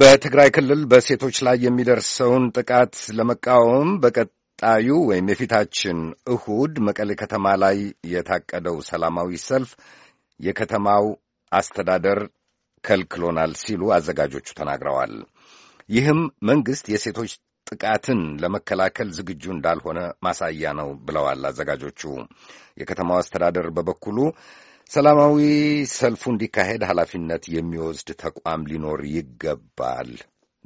በትግራይ ክልል በሴቶች ላይ የሚደርሰውን ጥቃት ለመቃወም በቀጣዩ ወይም የፊታችን እሁድ መቀሌ ከተማ ላይ የታቀደው ሰላማዊ ሰልፍ የከተማው አስተዳደር ከልክሎናል ሲሉ አዘጋጆቹ ተናግረዋል። ይህም መንግሥት የሴቶች ጥቃትን ለመከላከል ዝግጁ እንዳልሆነ ማሳያ ነው ብለዋል አዘጋጆቹ። የከተማው አስተዳደር በበኩሉ ሰላማዊ ሰልፉ እንዲካሄድ ኃላፊነት የሚወስድ ተቋም ሊኖር ይገባል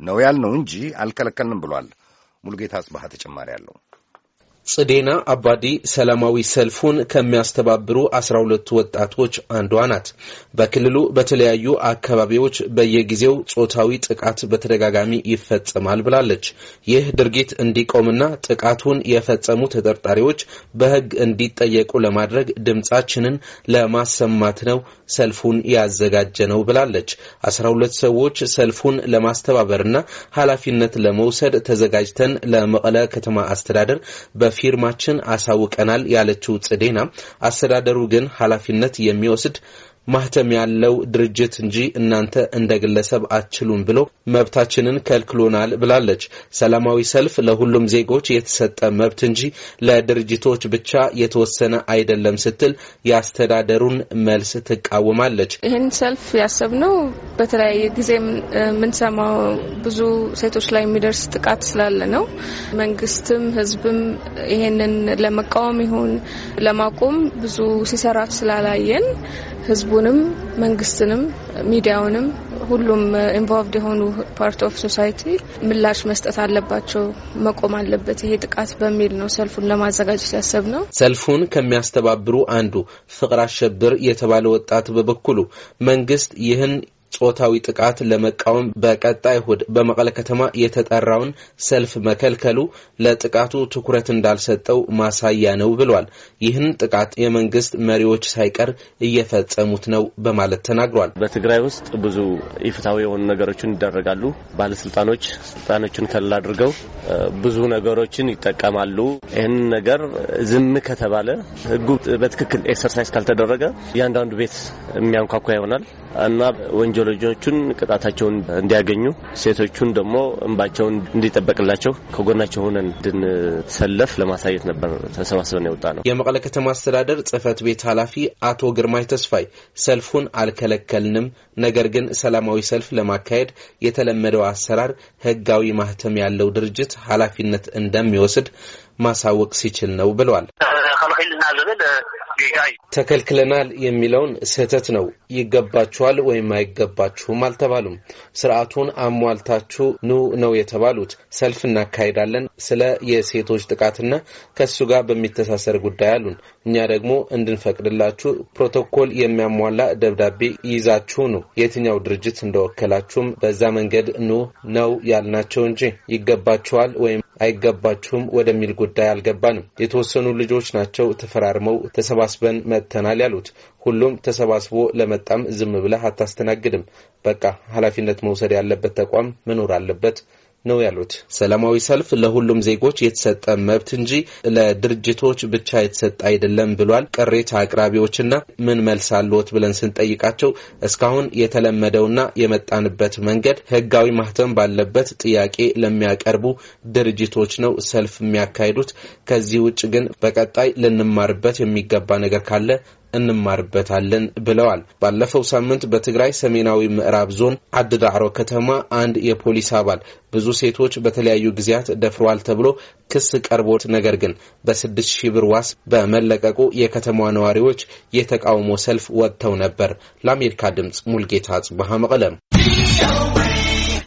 ነው ያልነው እንጂ አልከለከልንም ብሏል። ሙሉጌታ አጽባሃ ተጨማሪ አለው። ጽዴና አባዲ ሰላማዊ ሰልፉን ከሚያስተባብሩ አስራ ሁለቱ ወጣቶች አንዷ ናት። በክልሉ በተለያዩ አካባቢዎች በየጊዜው ጾታዊ ጥቃት በተደጋጋሚ ይፈጸማል ብላለች። ይህ ድርጊት እንዲቆምና ጥቃቱን የፈጸሙ ተጠርጣሪዎች በሕግ እንዲጠየቁ ለማድረግ ድምጻችንን ለማሰማት ነው ሰልፉን ያዘጋጀ ነው ብላለች። አስራ ሁለት ሰዎች ሰልፉን ለማስተባበርና ኃላፊነት ለመውሰድ ተዘጋጅተን ለመቀለ ከተማ አስተዳደር በ በፊርማችን አሳውቀናል ያለችው ጽዴና አስተዳደሩ ግን ኃላፊነት የሚወስድ ማህተም ያለው ድርጅት እንጂ እናንተ እንደ ግለሰብ አትችሉም ብሎ መብታችንን ከልክሎናል ብላለች። ሰላማዊ ሰልፍ ለሁሉም ዜጎች የተሰጠ መብት እንጂ ለድርጅቶች ብቻ የተወሰነ አይደለም ስትል የአስተዳደሩን መልስ ትቃወማለች። ይህን ሰልፍ ያሰብነው በተለያየ ጊዜ የምንሰማው ብዙ ሴቶች ላይ የሚደርስ ጥቃት ስላለ ነው። መንግስትም ህዝብም ይህንን ለመቃወም ይሁን ለማቆም ብዙ ሲሰራ ስላላየን ህዝቡ ህዝቡንም መንግስትንም ሚዲያውንም ሁሉም ኢንቮልቭድ የሆኑ ፓርት ኦፍ ሶሳይቲ ምላሽ መስጠት አለባቸው፣ መቆም አለበት ይሄ ጥቃት በሚል ነው ሰልፉን ለማዘጋጀት ያሰብ ነው። ሰልፉን ከሚያስተባብሩ አንዱ ፍቅር አሸብር የተባለ ወጣት በበኩሉ መንግስት ይህን ጾታዊ ጥቃት ለመቃወም በቀጣይ እሁድ በመቀለ ከተማ የተጠራውን ሰልፍ መከልከሉ ለጥቃቱ ትኩረት እንዳልሰጠው ማሳያ ነው ብሏል። ይህን ጥቃት የመንግስት መሪዎች ሳይቀር እየፈጸሙት ነው በማለት ተናግሯል። በትግራይ ውስጥ ብዙ ኢፍትሐዊ የሆኑ ነገሮችን ይደረጋሉ። ባለስልጣኖች ስልጣኖችን ከላ አድርገው ብዙ ነገሮችን ይጠቀማሉ። ይህን ነገር ዝም ከተባለ ህጉ በትክክል ኤክሰርሳይዝ ካልተደረገ እያንዳንዱ ቤት የሚያንኳኳ ይሆናል እና ወንጀ ልጆቹን ቅጣታቸውን እንዲያገኙ፣ ሴቶቹን ደግሞ እንባቸውን እንዲጠበቅላቸው ከጎናቸው ሆነን እንድንሰለፍ ለማሳየት ነበር ተሰባስበን የወጣ ነው። የመቀለ ከተማ አስተዳደር ጽህፈት ቤት ኃላፊ አቶ ግርማይ ተስፋይ ሰልፉን አልከለከልንም፣ ነገር ግን ሰላማዊ ሰልፍ ለማካሄድ የተለመደው አሰራር ህጋዊ ማህተም ያለው ድርጅት ኃላፊነት እንደሚወስድ ማሳወቅ ሲችል ነው ብለዋል። ተከልክልና ዝብል ጌጋ እዩ ተከልክለናል የሚለውን ስህተት ነው። ይገባችኋል ወይም አይገባችሁም አልተባሉም። ስርዓቱን አሟልታችሁ ኑ ነው የተባሉት። ሰልፍ እናካሄዳለን ስለ የሴቶች ጥቃትና ከሱ ጋር በሚተሳሰር ጉዳይ አሉን። እኛ ደግሞ እንድንፈቅድላችሁ ፕሮቶኮል የሚያሟላ ደብዳቤ ይዛችሁ ነው የትኛው ድርጅት እንደወከላችሁም በዛ መንገድ ኑ ነው ያልናቸው እንጂ ይገባችኋል ወይም አይገባችሁም ወደሚል ጉዳይ አልገባንም። የተወሰኑ ልጆች ናቸው ናቸው ተፈራርመው ተሰባስበን መጥተናል ያሉት ሁሉም ተሰባስቦ ለመጣም ዝም ብለህ አታስተናግድም። በቃ ኃላፊነት መውሰድ ያለበት ተቋም መኖር አለበት ነው ያሉት። ሰላማዊ ሰልፍ ለሁሉም ዜጎች የተሰጠ መብት እንጂ ለድርጅቶች ብቻ የተሰጠ አይደለም ብሏል። ቅሬታ አቅራቢዎችና ምን መልስ አለዎት ብለን ስንጠይቃቸው እስካሁን የተለመደውና የመጣንበት መንገድ ህጋዊ ማህተም ባለበት ጥያቄ ለሚያቀርቡ ድርጅቶች ነው ሰልፍ የሚያካሂዱት። ከዚህ ውጭ ግን በቀጣይ ልንማርበት የሚገባ ነገር ካለ እንማርበታለን ብለዋል። ባለፈው ሳምንት በትግራይ ሰሜናዊ ምዕራብ ዞን አድዳዕሮ ከተማ አንድ የፖሊስ አባል ብዙ ሴቶች በተለያዩ ጊዜያት ደፍረዋል ተብሎ ክስ ቀርቦት ነገር ግን በስድስት ሺህ ብር ዋስ በመለቀቁ የከተማዋ ነዋሪዎች የተቃውሞ ሰልፍ ወጥተው ነበር። ለአሜሪካ ድምፅ ሙልጌታ ጽብሃ መቀለም